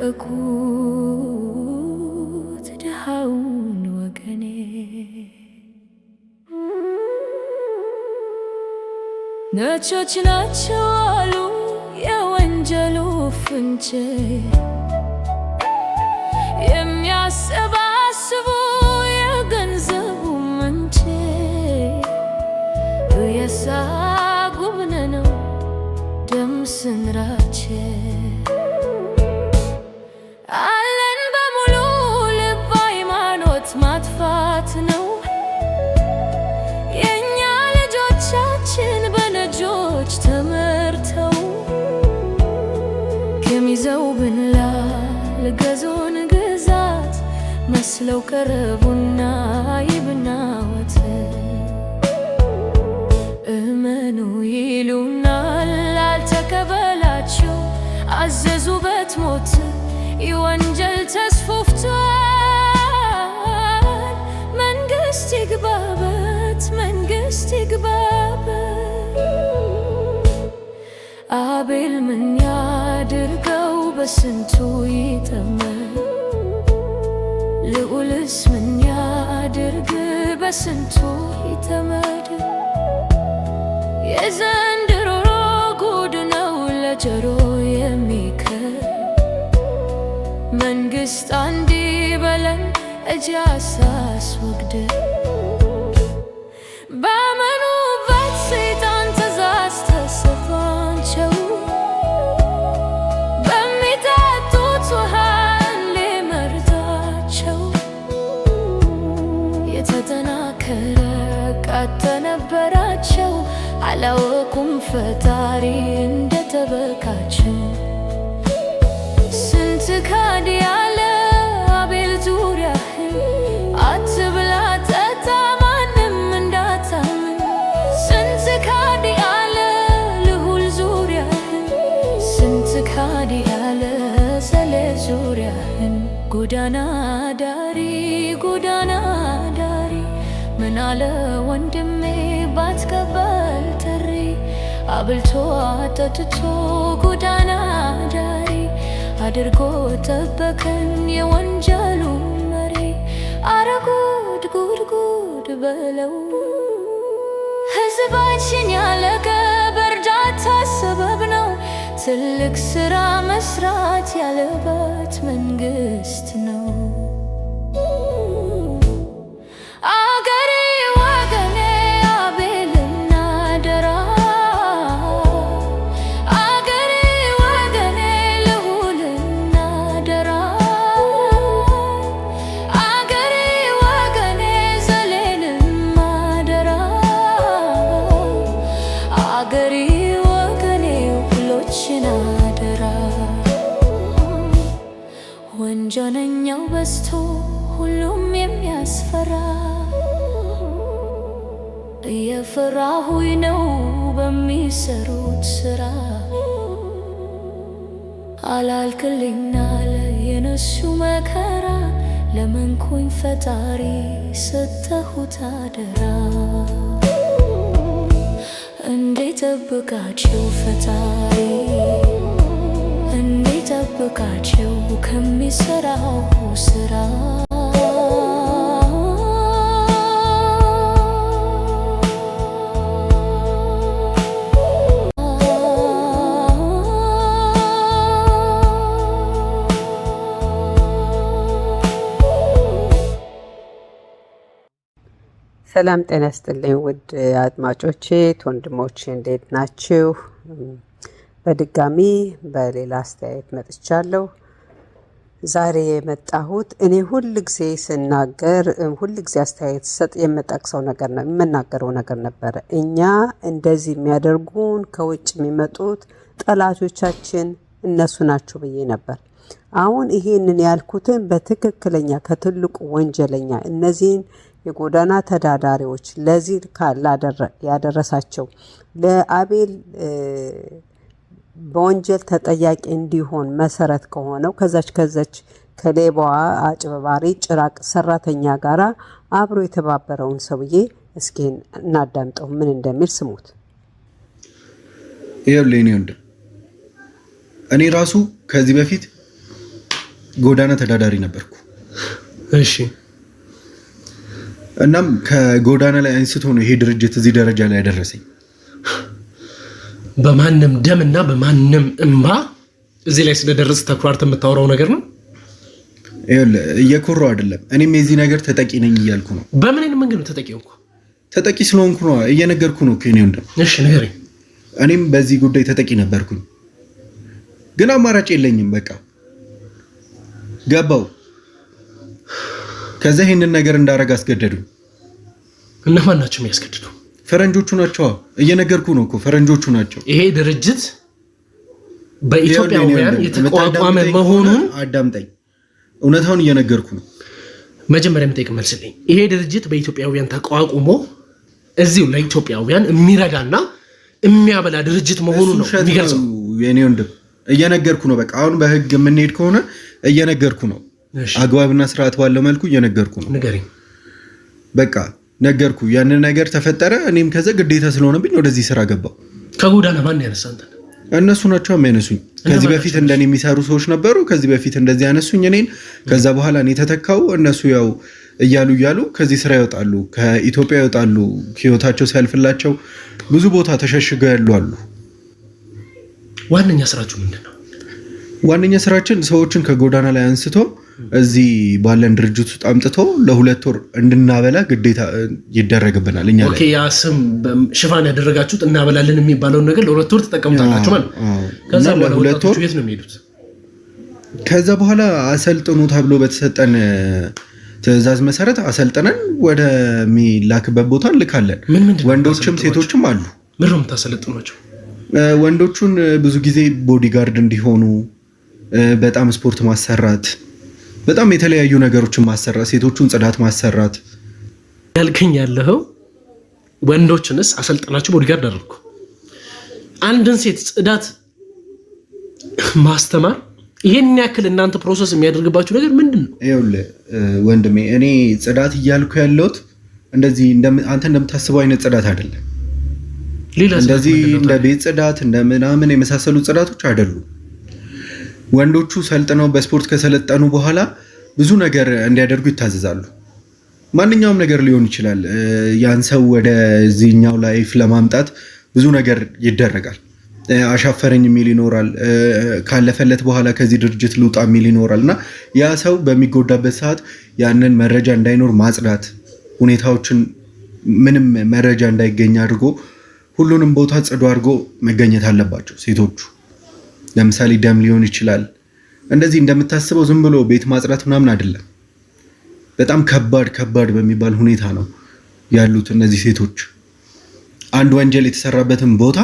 ለቀቁት ድሃውን ወገኔ ነቾች ናቸው አሉ የወንጀሉ ፍንጭ የሚያሰባስቡ የገንዘቡ ምንጭ የሳጉብነ ነው ደም ስንራች የሚመስለው ቀረቡና አይብና ወተት እመኑ ይሉናል ላልተከበላቸው አዘዙበት ሞት የወንጀል ተስፎፍቷል። መንግስት ይግባበት፣ መንግስት ይግባበት። አቤል ምን ያድርገው በስንቱ ይጠመ ልዑልስ ምን ያድርግ በስንቱ ይተመድ። የዘንድሮ ጉድ ነው ለጆሮ መንግስት አንዲ አንድ በለን እጅ አሳስወግድ አላወኩም ፈጣሪ እንደተበካችን ስንት ካድ ያለ አቤል ዙሪያ አትብላ ጠጣ ማንም እንዳታምን ስንት ካድ ያለ ልሁል ዙሪያ ስንት ካድ ያለ ሰሌ ዙሪያህን ጎዳና ዳሪ ጎዳና ዳሪ ምን አለ ወንዴ አብልቶ አጠጥቶ ጎዳና ዳሪ አድርጎ ጠበቀን የወንጀሉ መሪ። አረ ጉድ ጉድ ጉድ በለው ሕዝባችን ያለቀ በእርዳታ ሰበብ ነው። ትልቅ ስራ መስራት ያለበት መንግስት ነው። እየፈራሁኝ ነው በሚሰሩት ስራ አላልክልኛለ የነሱ መከራ ለመንኩኝ ፈጣሪ ሰተሁት አደራ እንዴት ጠብቃቸው ፈጣሪ እንዴት ጠብቃቸው ከሚሰራው ስራ ሰላም ጤና ስጥልኝ ውድ አድማጮቼ ወንድሞቼ፣ እንዴት ናችሁ? በድጋሚ በሌላ አስተያየት መጥቻለሁ። ዛሬ የመጣሁት እኔ ሁል ጊዜ ስናገር ሁል ጊዜ አስተያየት ሰጥ የምጠቅሰው ነገር ነው የምናገረው ነገር ነበረ። እኛ እንደዚህ የሚያደርጉን ከውጭ የሚመጡት ጠላቶቻችን እነሱ ናቸው ብዬ ነበር። አሁን ይሄንን ያልኩትን በትክክለኛ ከትልቁ ወንጀለኛ እነዚህን የጎዳና ተዳዳሪዎች ለዚህ ያደረሳቸው ለአቤል በወንጀል ተጠያቂ እንዲሆን መሰረት ከሆነው ከዛች ከዛች ከሌባዋ አጭበባሪ ጭራቅ ሰራተኛ ጋር አብሮ የተባበረውን ሰውዬ እስኪ እናዳምጠው ምን እንደሚል ስሙት። ይኸውልህ እኔ ወንድም እኔ ራሱ ከዚህ በፊት ጎዳና ተዳዳሪ ነበርኩ። እሺ። እናም ከጎዳና ላይ አንስቶ ነው ይሄ ድርጅት እዚህ ደረጃ ላይ ያደረሰኝ። በማንም ደም እና በማንም እንባ እዚህ ላይ ስለደረስ ተኩራርት የምታወራው ነገር ነው። እየኮራው አይደለም። እኔም የዚህ ነገር ተጠቂ ነኝ እያልኩ ነው። በምን አይነት መንገድ ነው ተጠቂ? ተጠቂ ስለሆንኩ ነው እየነገርኩ ነው። እሺ ንገረኝ። እኔም በዚህ ጉዳይ ተጠቂ ነበርኩኝ፣ ግን አማራጭ የለኝም በቃ ገባው ከዛ ይህንን ነገር እንዳረግ አስገደዱ። እነማን ናቸው የሚያስገድዱ? ፈረንጆቹ ናቸው። እየነገርኩ ነው እኮ ፈረንጆቹ ናቸው። ይሄ ድርጅት በኢትዮጵያውያን የተቋቋመ መሆኑን አዳምጠኝ፣ እውነታውን እየነገርኩ ነው። መጀመሪያ የምጠይቅ መልስልኝ። ይሄ ድርጅት በኢትዮጵያውያን ተቋቁሞ እዚሁ ለኢትዮጵያውያን የሚረዳና የሚያበላ ድርጅት መሆኑን ነው የሚገልጸው። የኔ ወንድም እየነገርኩ ነው። በቃ አሁን በህግ የምንሄድ ከሆነ እየነገርኩ ነው። አግባብና ስርዓት ባለው መልኩ እየነገርኩ ነው። በቃ ነገርኩ። ያንን ነገር ተፈጠረ። እኔም ከዛ ግዴታ ስለሆነብኝ ወደዚህ ስራ ገባው። ከጎዳና ማን ያነሳ? እነሱ ናቸው የሚያነሱኝ። ከዚህ በፊት እንደኔ የሚሰሩ ሰዎች ነበሩ። ከዚህ በፊት እንደዚህ ያነሱኝ እኔን። ከዛ በኋላ እኔ ተተካው። እነሱ ያው እያሉ እያሉ ከዚህ ስራ ይወጣሉ፣ ከኢትዮጵያ ይወጣሉ። ህይወታቸው ሲያልፍላቸው ብዙ ቦታ ተሸሽገው ያሉ አሉ። ዋነኛ ስራችሁ ምንድን ነው? ዋነኛ ስራችን ሰዎችን ከጎዳና ላይ አንስቶ እዚህ ባለን ድርጅት ውስጥ አምጥቶ ለሁለት ወር እንድናበላ ግዴታ ይደረግብናል። እኛ ያ ስም ሽፋን ያደረጋችሁት እናበላለን የሚባለውን ነገር ለሁለት ወር ተጠቀምታላችሁ ማለት ከዛ የት ነው የሚሄዱት? ከዛ በኋላ አሰልጥኑ ተብሎ በተሰጠን ትዕዛዝ መሰረት አሰልጥነን ወደሚላክበት ቦታ እንልካለን። ወንዶችም ሴቶችም አሉ። ምን ነው የምታሰለጥኗቸው? ወንዶቹን ብዙ ጊዜ ቦዲጋርድ እንዲሆኑ በጣም ስፖርት ማሰራት፣ በጣም የተለያዩ ነገሮችን ማሰራት፣ ሴቶቹን ጽዳት ማሰራት ያልከኝ ያለኸው ወንዶችንስ አሰልጠናቸው ቦዲጋርድ አደረግኩ። አንድን ሴት ጽዳት ማስተማር ይሄን ያክል እናንተ ፕሮሰስ የሚያደርግባችሁ ነገር ምንድን ነው? ይኸውልህ ወንድሜ እኔ ጽዳት እያልኩ ያለሁት እንደዚህ አንተ እንደምታስበው አይነት ጽዳት አይደለም። እንደዚህ እንደ ቤት ጽዳት እንደ ምናምን የመሳሰሉ ጽዳቶች አይደሉም። ወንዶቹ ሰልጥነው በስፖርት ከሰለጠኑ በኋላ ብዙ ነገር እንዲያደርጉ ይታዘዛሉ። ማንኛውም ነገር ሊሆን ይችላል። ያን ሰው ወደዚህኛው ላይፍ ለማምጣት ብዙ ነገር ይደረጋል። አሻፈረኝ የሚል ይኖራል። ካለፈለት በኋላ ከዚህ ድርጅት ልውጣ የሚል ይኖራል እና ያ ሰው በሚጎዳበት ሰዓት ያንን መረጃ እንዳይኖር ማጽዳት፣ ሁኔታዎችን ምንም መረጃ እንዳይገኝ አድርጎ ሁሉንም ቦታ ጽዱ አድርጎ መገኘት አለባቸው ሴቶቹ። ለምሳሌ ደም ሊሆን ይችላል። እንደዚህ እንደምታስበው ዝም ብሎ ቤት ማጽዳት ምናምን አይደለም። በጣም ከባድ ከባድ በሚባል ሁኔታ ነው ያሉት እነዚህ ሴቶች። አንድ ወንጀል የተሰራበትን ቦታ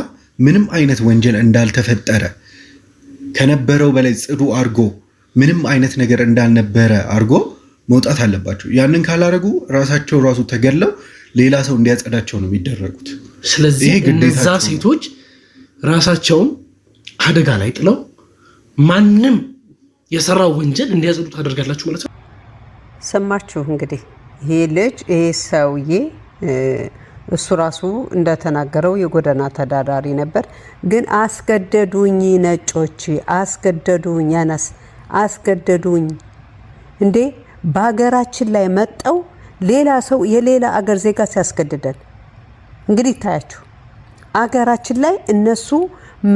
ምንም አይነት ወንጀል እንዳልተፈጠረ ከነበረው በላይ ጽዱ አድርጎ ምንም አይነት ነገር እንዳልነበረ አድርጎ መውጣት አለባቸው። ያንን ካላደረጉ ራሳቸው ራሱ ተገለው ሌላ ሰው እንዲያጸዳቸው ነው የሚደረጉት። ስለዚህ እነዛ ሴቶች ራሳቸውን አደጋ ላይ ጥለው ማንም የሰራው ወንጀል እንዲያጸዱ ታደርጋላችሁ ማለት ነው። ሰማችሁ እንግዲህ ይሄ ልጅ ይሄ ሰውዬ እሱ ራሱ እንደተናገረው የጎዳና ተዳዳሪ ነበር። ግን አስገደዱኝ፣ ነጮች አስገደዱኝ፣ ያነስ አስገደዱኝ። እንዴ በሀገራችን ላይ መጠው ሌላ ሰው የሌላ አገር ዜጋ ሲያስገድደን እንግዲህ ይታያችሁ። አገራችን ላይ እነሱ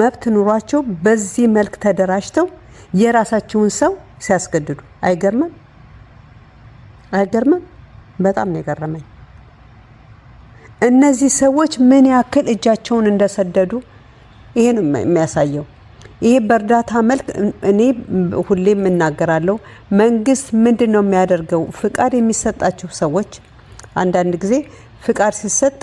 መብት ኑሯቸው በዚህ መልክ ተደራጅተው የራሳቸውን ሰው ሲያስገድዱ አይገርምም? አይገርምም? በጣም ነው የገረመኝ። እነዚህ ሰዎች ምን ያክል እጃቸውን እንደሰደዱ ይሄ ነው የሚያሳየው። ይሄ በእርዳታ መልክ እኔ ሁሌም እናገራለሁ። መንግስት ምንድን ነው የሚያደርገው? ፍቃድ የሚሰጣቸው ሰዎች አንዳንድ ጊዜ ፍቃድ ሲሰጥ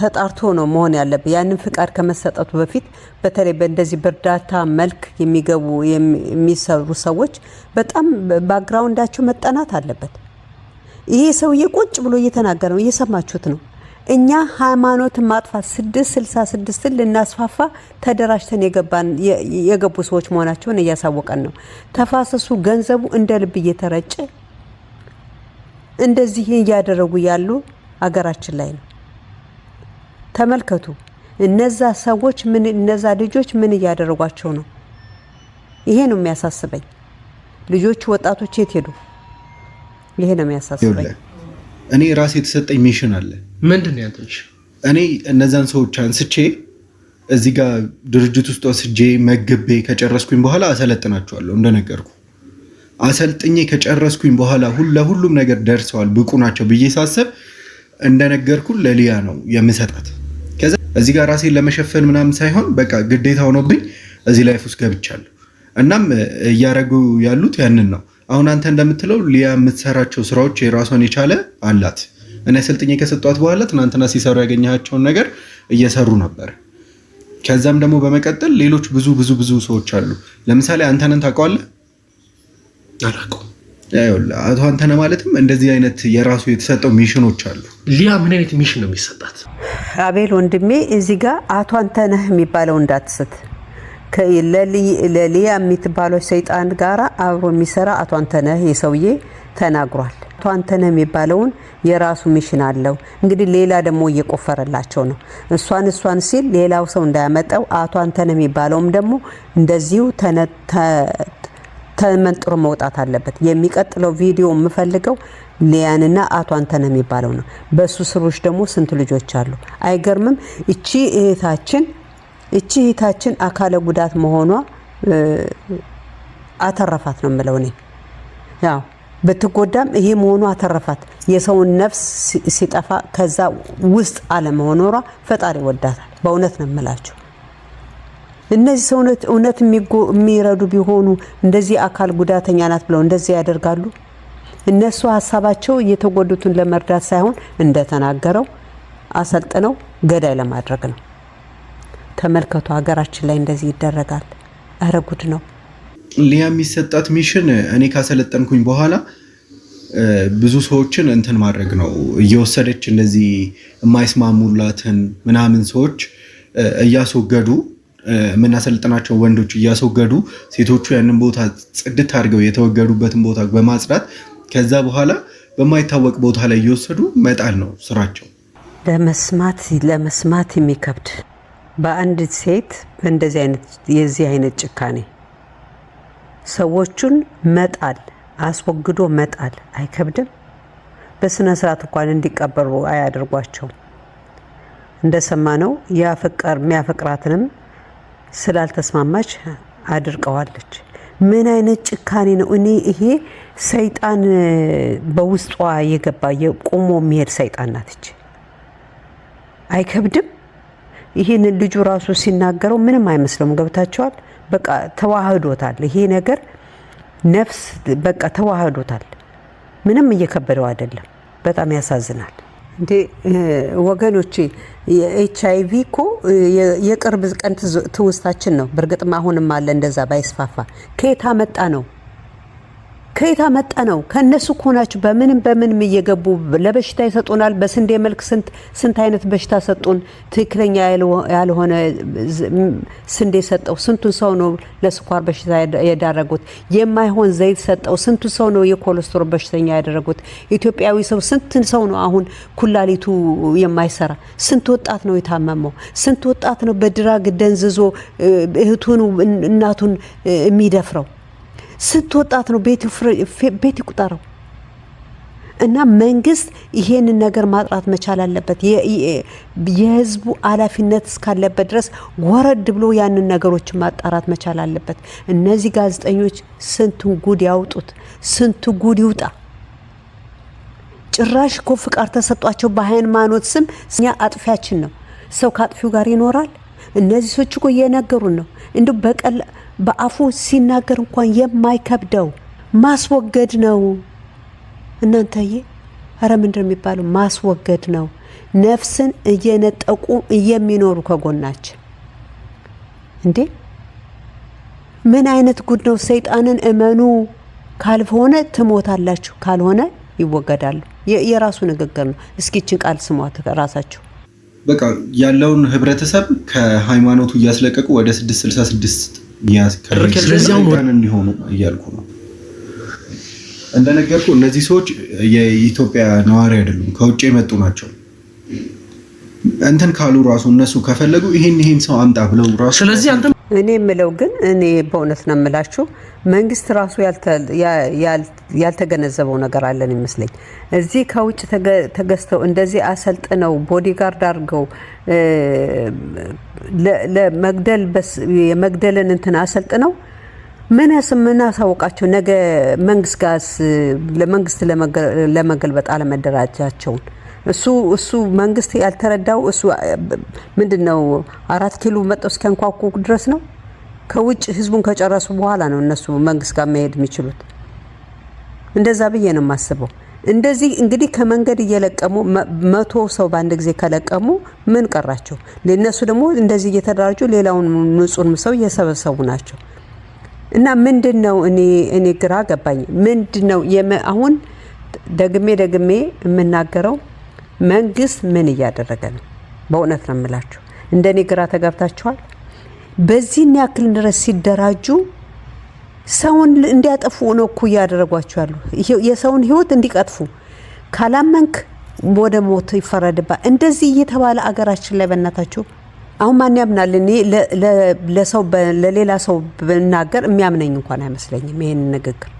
ተጣርቶ ነው መሆን ያለብን። ያንን ፍቃድ ከመሰጠቱ በፊት በተለይ በእንደዚህ በእርዳታ መልክ የሚገቡ የሚሰሩ ሰዎች በጣም ባክግራውንዳቸው መጠናት አለበት። ይሄ ሰውዬ ቁጭ ብሎ እየተናገረ ነው፣ እየሰማችሁት ነው። እኛ ሃይማኖትን ማጥፋት ስድስት ስልሳ ስድስትን ልናስፋፋ ተደራጅተን የገቡ ሰዎች መሆናቸውን እያሳወቀን ነው። ተፋሰሱ ገንዘቡ እንደ ልብ እየተረጨ እንደዚህ እያደረጉ ያሉ አገራችን ላይ ነው። ተመልከቱ እነዛ ሰዎች ምን እነዛ ልጆች ምን እያደረጓቸው ነው? ይሄ ነው የሚያሳስበኝ። ልጆቹ ወጣቶች የት ሄዱ? ይሄ ነው የሚያሳስበኝ። እኔ ራሴ የተሰጠኝ ሚሽን አለ። ምንድን ነው ያንተሽ? እኔ እነዛን ሰዎች አንስቼ እዚህ ጋር ድርጅት ውስጥ ወስጄ መግቤ ከጨረስኩኝ በኋላ አሰለጥናቸዋለሁ እንደነገርኩ አሰልጥኜ ከጨረስኩኝ በኋላ ሁሉ ለሁሉም ነገር ደርሰዋል ብቁ ናቸው ብዬ ሳስብ? እንደነገርኩን ለሊያ ነው የምሰጣት። ከዛ እዚህ ጋር ራሴን ለመሸፈን ምናምን ሳይሆን በቃ ግዴታ ሆኖብኝ እዚህ ላይፍ ውስጥ ገብቻለሁ። እናም እያደረጉ ያሉት ያንን ነው። አሁን አንተ እንደምትለው ሊያ የምትሰራቸው ስራዎች የራሷን የቻለ አላት እና ስልጥኝ ከሰጧት በኋላ ትናንትና ሲሰሩ ያገኘቸውን ነገር እየሰሩ ነበር። ከዛም ደግሞ በመቀጠል ሌሎች ብዙ ብዙ ብዙ ሰዎች አሉ። ለምሳሌ አንተንን ታውቀዋለህ? አላውቀውም አቶ አንተነህ ማለትም እንደዚህ አይነት የራሱ የተሰጠው ሚሽኖች አሉ። ሊያ ምን አይነት ሚሽን ነው የሚሰጣት? አቤል ወንድሜ እዚህ ጋር አቶ አንተነህ የሚባለው እንዳትስት ለሊያ የምትባለው ሰይጣን ጋር አብሮ የሚሰራ አቶ አንተነህ የሰውዬ ተናግሯል። አቶ አንተነህ የሚባለውን የራሱ ሚሽን አለው። እንግዲህ ሌላ ደግሞ እየቆፈረላቸው ነው። እሷን እሷን ሲል ሌላው ሰው እንዳያመጠው አቶ አንተነህ የሚባለውም ደግሞ እንደዚሁ ተመንጥሮ መውጣት አለበት። የሚቀጥለው ቪዲዮ የምፈልገው ሊያንና አቶ አንተነ የሚባለው ነው። በእሱ ስሮች ደግሞ ስንት ልጆች አሉ? አይገርምም? እቺ እህታችን እቺ እህታችን አካለ ጉዳት መሆኗ አተረፋት ነው የምለው እኔ ያው ብትጎዳም ይሄ መሆኑ አተረፋት። የሰውን ነፍስ ሲጠፋ ከዛ ውስጥ አለመኖሯ ፈጣሪ ወዳታል። በእውነት ነው የምላችሁ። እነዚህ ሰውነት እውነት የሚረዱ ቢሆኑ እንደዚህ አካል ጉዳተኛ ናት ብለው እንደዚህ ያደርጋሉ? እነሱ ሀሳባቸው የተጎዱትን ለመርዳት ሳይሆን እንደተናገረው አሰልጥነው ገዳይ ለማድረግ ነው። ተመልከቱ፣ ሀገራችን ላይ እንደዚህ ይደረጋል። እረ ጉድ ነው። ሊያ የሚሰጣት ሚሽን እኔ ካሰለጠንኩኝ በኋላ ብዙ ሰዎችን እንትን ማድረግ ነው እየወሰደች እንደዚህ የማይስማሙላትን ምናምን ሰዎች እያስወገዱ የምናሰልጥናቸው ወንዶች እያስወገዱ ሴቶቹ ያንን ቦታ ጽድት አድርገው የተወገዱበትን ቦታ በማጽዳት ከዛ በኋላ በማይታወቅ ቦታ ላይ እየወሰዱ መጣል ነው ስራቸው። ለመስማት ለመስማት የሚከብድ በአንድ ሴት እንደዚህ አይነት የዚህ አይነት ጭካኔ ሰዎቹን መጣል አስወግዶ መጣል አይከብድም። በስነ ስርዓት እንኳን እንዲቀበሩ አያደርጓቸውም። ነው የሚያፈቅራትንም ስላልተስማማች አድርቀዋለች። ምን አይነት ጭካኔ ነው? እኔ ይሄ ሰይጣን በውስጧ የገባ የቆሞ የሚሄድ ሰይጣን ናትች። አይከብድም? ይህንን ልጁ ራሱ ሲናገረው ምንም አይመስለውም። ገብታቸዋል። በቃ ተዋህዶታል። ይሄ ነገር ነፍስ በቃ ተዋህዶታል። ምንም እየከበደው አይደለም። በጣም ያሳዝናል። እንዴ ወገኖቼ የኤች አይ ቪ እኮ የቅርብ ቀን ትውስታችን ነው። በእርግጥም አሁንም አለ እንደዛ ባይስፋፋ ከየት መጣ ነው ከየታ መጣ ነው? ከእነሱ እኮ በምንም በምንም እየገቡ ለበሽታ ይሰጡናል። በስንዴ መልክ ስንት ስንት አይነት በሽታ ሰጡን። ትክክለኛ ያልሆነ ስንዴ ሰጠው። ስንቱን ሰው ነው ለስኳር በሽታ የዳረጉት። የማይሆን ዘይት ሰጠው። ስንቱ ሰው ነው የኮሌስትሮል በሽተኛ ያደረጉት። ኢትዮጵያዊ ሰው ስንት ሰው ነው አሁን ኩላሊቱ የማይሰራ ስንት ወጣት ነው የታመመው። ስንት ወጣት ነው በድራግ ደንዝዞ እህቱን እናቱን የሚደፍረው። ስንት ወጣት ነው ቤት ይቁጠረው። እና መንግስት ይሄንን ነገር ማጥራት መቻል አለበት። የህዝቡ ኃላፊነት እስካለበት ድረስ ወረድ ብሎ ያንን ነገሮችን ማጣራት መቻል አለበት። እነዚህ ጋዜጠኞች ስንቱን ጉድ ያውጡት፣ ስንቱ ጉድ ይውጣ። ጭራሽ እኮ ፍቃድ ተሰጧቸው በሃይማኖት ስም እኛ አጥፊያችን ነው። ሰው ከአጥፊው ጋር ይኖራል። እነዚህ ሰዎች እኮ እየነገሩን ነው እንዲሁ በቀላ በአፉ ሲናገር እንኳን የማይከብደው ማስወገድ ነው። እናንተዬ ኧረ ምንድን የሚባለው? ማስወገድ ነው። ነፍስን እየነጠቁ የሚኖሩ ከጎናችን እንዴ! ምን አይነት ጉድ ነው? ሰይጣንን እመኑ፣ ካልሆነ ትሞታላችሁ፣ ካልሆነ ይወገዳሉ። የራሱ ንግግር ነው። እስኪችን ቃል ስሟት ራሳችሁ። በቃ ያለውን ህብረተሰብ ከሃይማኖቱ እያስለቀቁ ወደ ስድስት 6 ስድስት ስለዚህ እንዲሆኑ እያልኩ ነው። እንደነገርኩ እነዚህ ሰዎች የኢትዮጵያ ነዋሪ አይደሉም፣ ከውጭ የመጡ ናቸው። እንትን ካሉ ራሱ እነሱ ከፈለጉ ይሄን ይሄን ሰው አምጣ ብለው ራሱ ስለዚህ አንተ እኔ የምለው ግን እኔ በእውነት ነው የምላችሁ መንግስት ራሱ ያልተገነዘበው ነገር አለን ይመስለኝ። እዚህ ከውጭ ተገዝተው እንደዚህ አሰልጥነው ቦዲጋርድ አድርገው ለመግደል የመግደልን እንትን አሰልጥነው ምንስ ምናሳውቃቸው ነገ መንግስት ጋስ ለመንግስት ለመገልበጥ አለመደራጃቸውን እሱ እሱ መንግስት ያልተረዳው እሱ ምንድን ነው አራት ኪሎ መጠው እስኪያንኳኩ ድረስ ነው። ከውጭ ህዝቡን ከጨረሱ በኋላ ነው እነሱ መንግስት ጋር መሄድ የሚችሉት። እንደዛ ብዬ ነው የማስበው። እንደዚህ እንግዲህ ከመንገድ እየለቀሙ መቶ ሰው በአንድ ጊዜ ከለቀሙ ምን ቀራቸው? ለእነሱ ደግሞ እንደዚህ እየተደራጁ ሌላውን ንጹን ሰው እየሰበሰቡ ናቸው። እና ምንድን ነው እኔ እኔ ግራ ገባኝ። ምንድን ነው አሁን ደግሜ ደግሜ የምናገረው መንግስት ምን እያደረገ ነው? በእውነት ነው የምላችሁ። እንደኔ ግራ ተጋብታችኋል። በዚህን ያክል ድረስ ሲደራጁ ሰውን እንዲያጠፉ ነው እኮ እያደረጓቸው ያሉ። የሰውን ህይወት እንዲቀጥፉ ካላመንክ ወደ ሞት ይፈረድባል። እንደዚህ እየተባለ አገራችን ላይ በእናታችሁ አሁን ማን ያምናል? እኔ ለሰው ለሌላ ሰው ብናገር የሚያምነኝ እንኳን አይመስለኝም ይህን ንግግር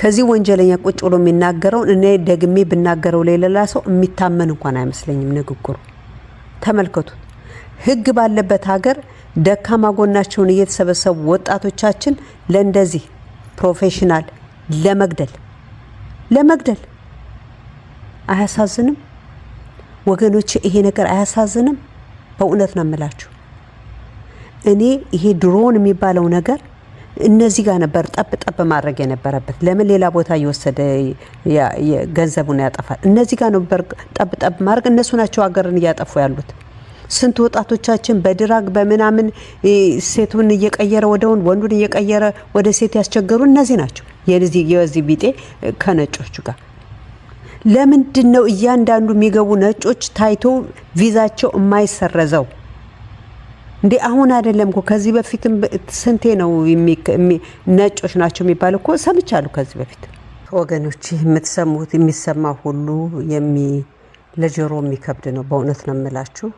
ከዚህ ወንጀለኛ ቁጭ ብሎ የሚናገረውን እኔ ደግሜ ብናገረው ለሌላ ሰው የሚታመን እንኳን አይመስለኝም ንግግሩ። ተመልከቱ። ህግ ባለበት ሀገር ደካማ ጎናቸውን እየተሰበሰቡ ወጣቶቻችን ለእንደዚህ ፕሮፌሽናል ለመግደል ለመግደል አያሳዝንም? ወገኖች ይሄ ነገር አያሳዝንም? በእውነት ነው የምላችሁ። እኔ ይሄ ድሮን የሚባለው ነገር እነዚህ ጋር ነበር ጠብ ጠብ ማድረግ የነበረበት። ለምን ሌላ ቦታ እየወሰደ ገንዘቡን ያጠፋል? እነዚህ ጋር ነበር ጠብ ጠብ ማድረግ። እነሱ ናቸው ሀገርን እያጠፉ ያሉት። ስንት ወጣቶቻችን በድራግ በምናምን ሴቱን እየቀየረ ወደውን ወንዱን እየቀየረ ወደ ሴት ያስቸገሩ እነዚህ ናቸው። የዚህ ቢጤ ከነጮቹ ጋር ለምንድን ነው እያንዳንዱ የሚገቡ ነጮች ታይቶ ቪዛቸው የማይሰረዘው? እንዴ አሁን አይደለም እኮ ከዚህ በፊትም ስንቴ ነው ነጮች ናቸው የሚባል እኮ ሰምቻለሁ። ከዚህ በፊት ወገኖች የምትሰሙት የሚሰማ ሁሉ ለጆሮ የሚከብድ ነው። በእውነት ነው የምላችሁ።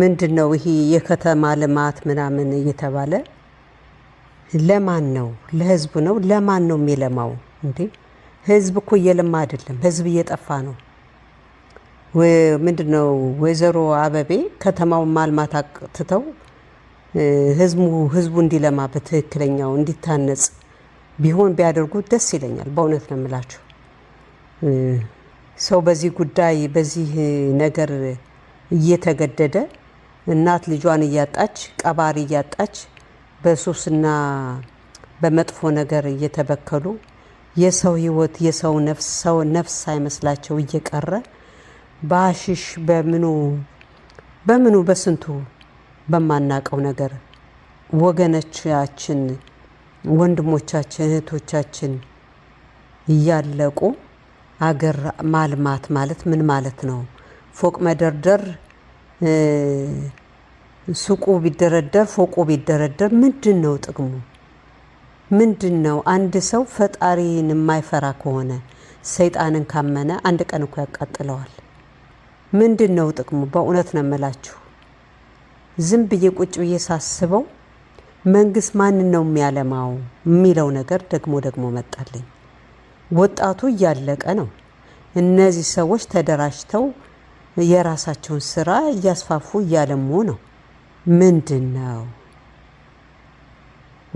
ምንድን ነው ይሄ የከተማ ልማት ምናምን እየተባለ ለማን ነው? ለህዝቡ ነው? ለማን ነው የሚለማው? እንዴ ህዝብ እኮ እየለማ አይደለም። ህዝብ እየጠፋ ነው። ምንድን ነው ወይዘሮ አበቤ ከተማውን ማልማት አቅትተው ህዝቡ ህዝቡ እንዲለማ በትክክለኛው እንዲታነጽ ቢሆን ቢያደርጉ ደስ ይለኛል። በእውነት ነው ምላችሁ። ሰው በዚህ ጉዳይ በዚህ ነገር እየተገደደ እናት ልጇን እያጣች ቀባሪ እያጣች በሱስና በመጥፎ ነገር እየተበከሉ የሰው ህይወት የሰው ነፍስ ሰው ነፍስ ሳይመስላቸው እየቀረ በአሽሽ በምኑ በምኑ በስንቱ በማናቀው ነገር ወገኖቻችን፣ ወንድሞቻችን፣ እህቶቻችን እያለቁ አገር ማልማት ማለት ምን ማለት ነው? ፎቅ መደርደር፣ ሱቁ ቢደረደር፣ ፎቁ ቢደረደር ምንድን ነው ጥቅሙ? ምንድን ነው? አንድ ሰው ፈጣሪን የማይፈራ ከሆነ ሰይጣንን ካመነ አንድ ቀን እኮ ያቃጥለዋል። ምንድን ነው ጥቅሙ? በእውነት ነው የምላችሁ። ዝም ብዬ ቁጭ ብዬ ሳስበው መንግስት ማንን ነው የሚያለማው የሚለው ነገር ደግሞ ደግሞ መጣልኝ። ወጣቱ እያለቀ ነው። እነዚህ ሰዎች ተደራጅተው የራሳቸውን ስራ እያስፋፉ እያለሙ ነው። ምንድን ነው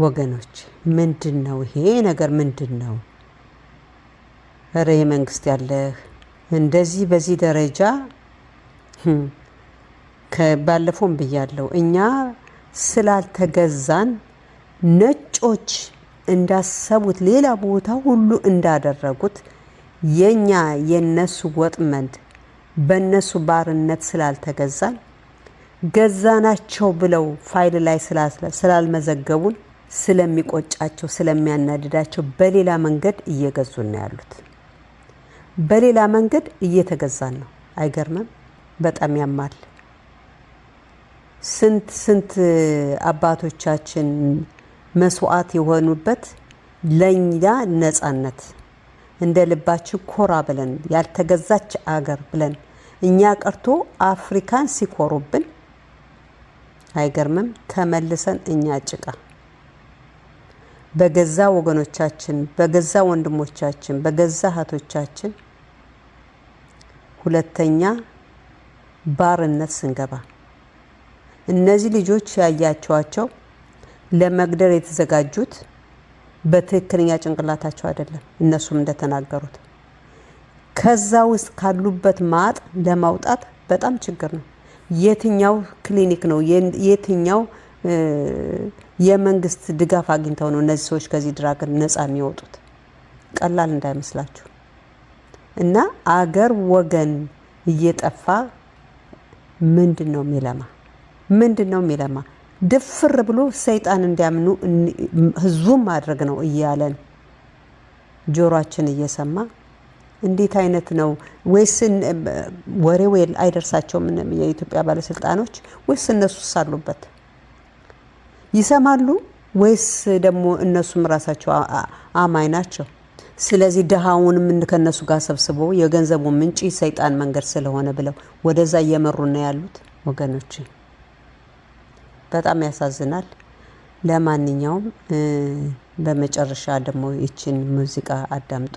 ወገኖች? ምንድን ነው ይሄ ነገር ምንድን ነው? ረ መንግስት ያለህ እንደዚህ በዚህ ደረጃ Hmm. ባለፈውም ብያለው፣ እኛ ስላልተገዛን ነጮች እንዳሰቡት ሌላ ቦታ ሁሉ እንዳደረጉት የኛ የነሱ ወጥመድ በነሱ ባርነት ስላልተገዛን ገዛናቸው ብለው ፋይል ላይ ስላልመዘገቡን ስለሚቆጫቸው ስለሚያናድዳቸው በሌላ መንገድ እየገዙን ነው ያሉት። በሌላ መንገድ እየተገዛን ነው። አይገርምም? በጣም ያማል። ስንት ስንት አባቶቻችን መስዋዕት የሆኑበት ለኛ ነፃነት እንደ ልባችን ኮራ ብለን ያልተገዛች አገር ብለን እኛ ቀርቶ አፍሪካን ሲኮሩብን አይገርምም? ተመልሰን እኛ ጭቃ በገዛ ወገኖቻችን፣ በገዛ ወንድሞቻችን፣ በገዛ እህቶቻችን ሁለተኛ ባርነት ስንገባ እነዚህ ልጆች ያያቸዋቸው ለመግደር የተዘጋጁት በትክክለኛ ጭንቅላታቸው አይደለም። እነሱም እንደተናገሩት ከዛ ውስጥ ካሉበት ማጥ ለማውጣት በጣም ችግር ነው። የትኛው ክሊኒክ ነው የትኛው የመንግስት ድጋፍ አግኝተው ነው እነዚህ ሰዎች ከዚህ ድራግ ነፃ የሚወጡት? ቀላል እንዳይመስላችሁ እና አገር ወገን እየጠፋ ምንድን ነው የሚለማ? ምንድን ነው የሚለማ? ድፍር ብሎ ሰይጣን እንዲያምኑ ህዝቡን ማድረግ ነው እያለን ጆሯችን እየሰማ እንዴት አይነት ነው ወይስ ወሬ ወይል አይደርሳቸውም የኢትዮጵያ ባለስልጣኖች ወይስ እነሱስ አሉበት ይሰማሉ ወይስ ደግሞ እነሱም ራሳቸው አማኝ ናቸው? ስለዚህ ድሃውንም ከነሱ ጋር ሰብስበው የገንዘቡ ምንጭ ሰይጣን መንገድ ስለሆነ ብለው ወደዛ እየመሩ ነው ያሉት ወገኖች፣ በጣም ያሳዝናል። ለማንኛውም በመጨረሻ ደግሞ ይችን ሙዚቃ አዳምጦ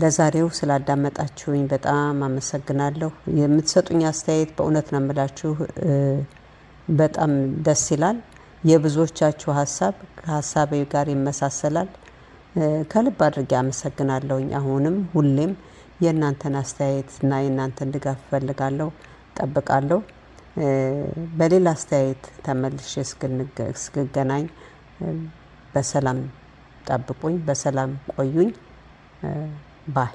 ለዛሬው ስላዳመጣችሁኝ በጣም አመሰግናለሁ። የምትሰጡኝ አስተያየት በእውነት ነው የምላችሁ በጣም ደስ ይላል። የብዙዎቻችሁ ሀሳብ ከሀሳቤ ጋር ይመሳሰላል። ከልብ አድርጌ አመሰግናለሁኝ። አሁንም ሁሌም የእናንተን አስተያየትና የእናንተን ድጋፍ እፈልጋለሁ፣ ጠብቃለሁ። በሌላ አስተያየት ተመልሼ እስክገናኝ በሰላም ጠብቁኝ፣ በሰላም ቆዩኝ። ባይ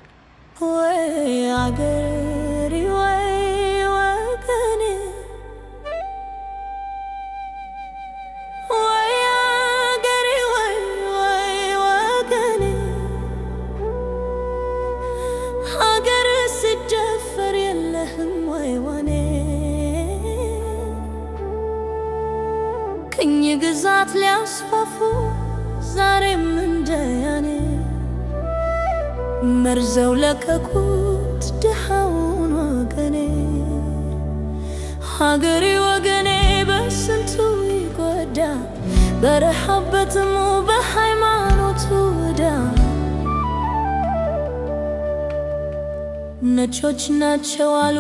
ነጮች ናቸው አሉ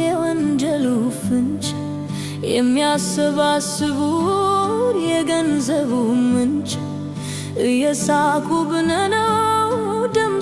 የወንጀሉ ፍንጭ የሚያሰባስቡ የገንዘቡ ምንጭ እየሳቁብን ነው ደም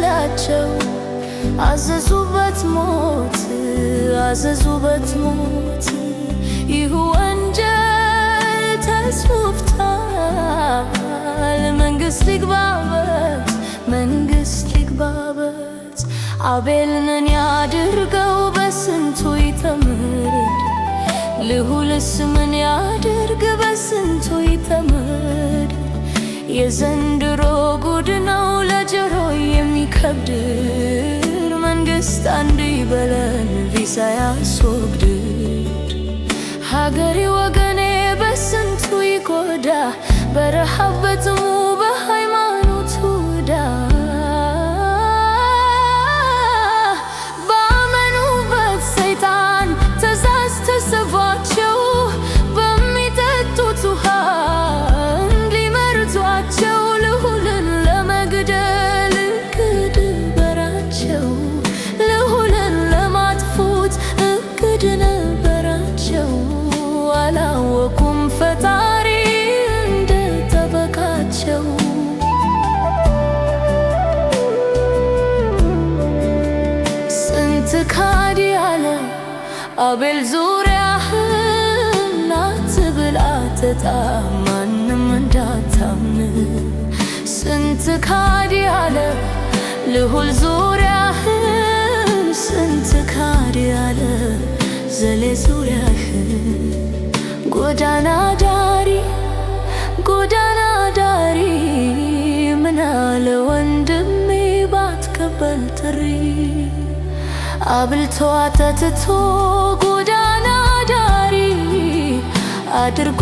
በላቸው አዘዙበት ሞት አዘዙበት ሞት ይህ ወንጀል ተስፉፍታል። መንግስት ይግባበት መንግስት ይግባበት። አቤልንን ያድርገው በስንቱ ይተምድ ልሁልስ ምን ያድርግ በስንቱ ይተምድ የዘንድሮ ጉድ ነው ለጆሮ የሚከብድ። መንግስት አንድ ይበለን ቪዛ ያስወግድ። ሀገሬ ወገኔ በስንቱ ይጎዳ በረሃብ በጥሙ ሳትወጣ ማንም እንዳታምን ስንት ካድ ያለ ልሁል ዙሪያህን ስንት ካድ ያለ ዘሌ ዙሪያህን ጎዳና ዳሪ ጎዳና ዳሪ ምናለ ወንድሜ ባትቀበል ጥሪ አብልቶ አጠጥቶ ጎዳና ዳሪ አድርጎ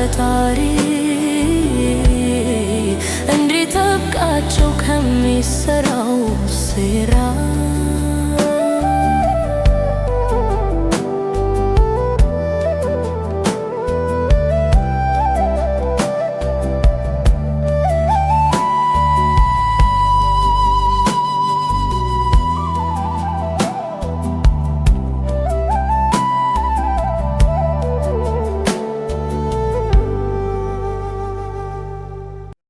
ፈጣሪ እንዴት አብቃቸው ከሚሰራው ሴራ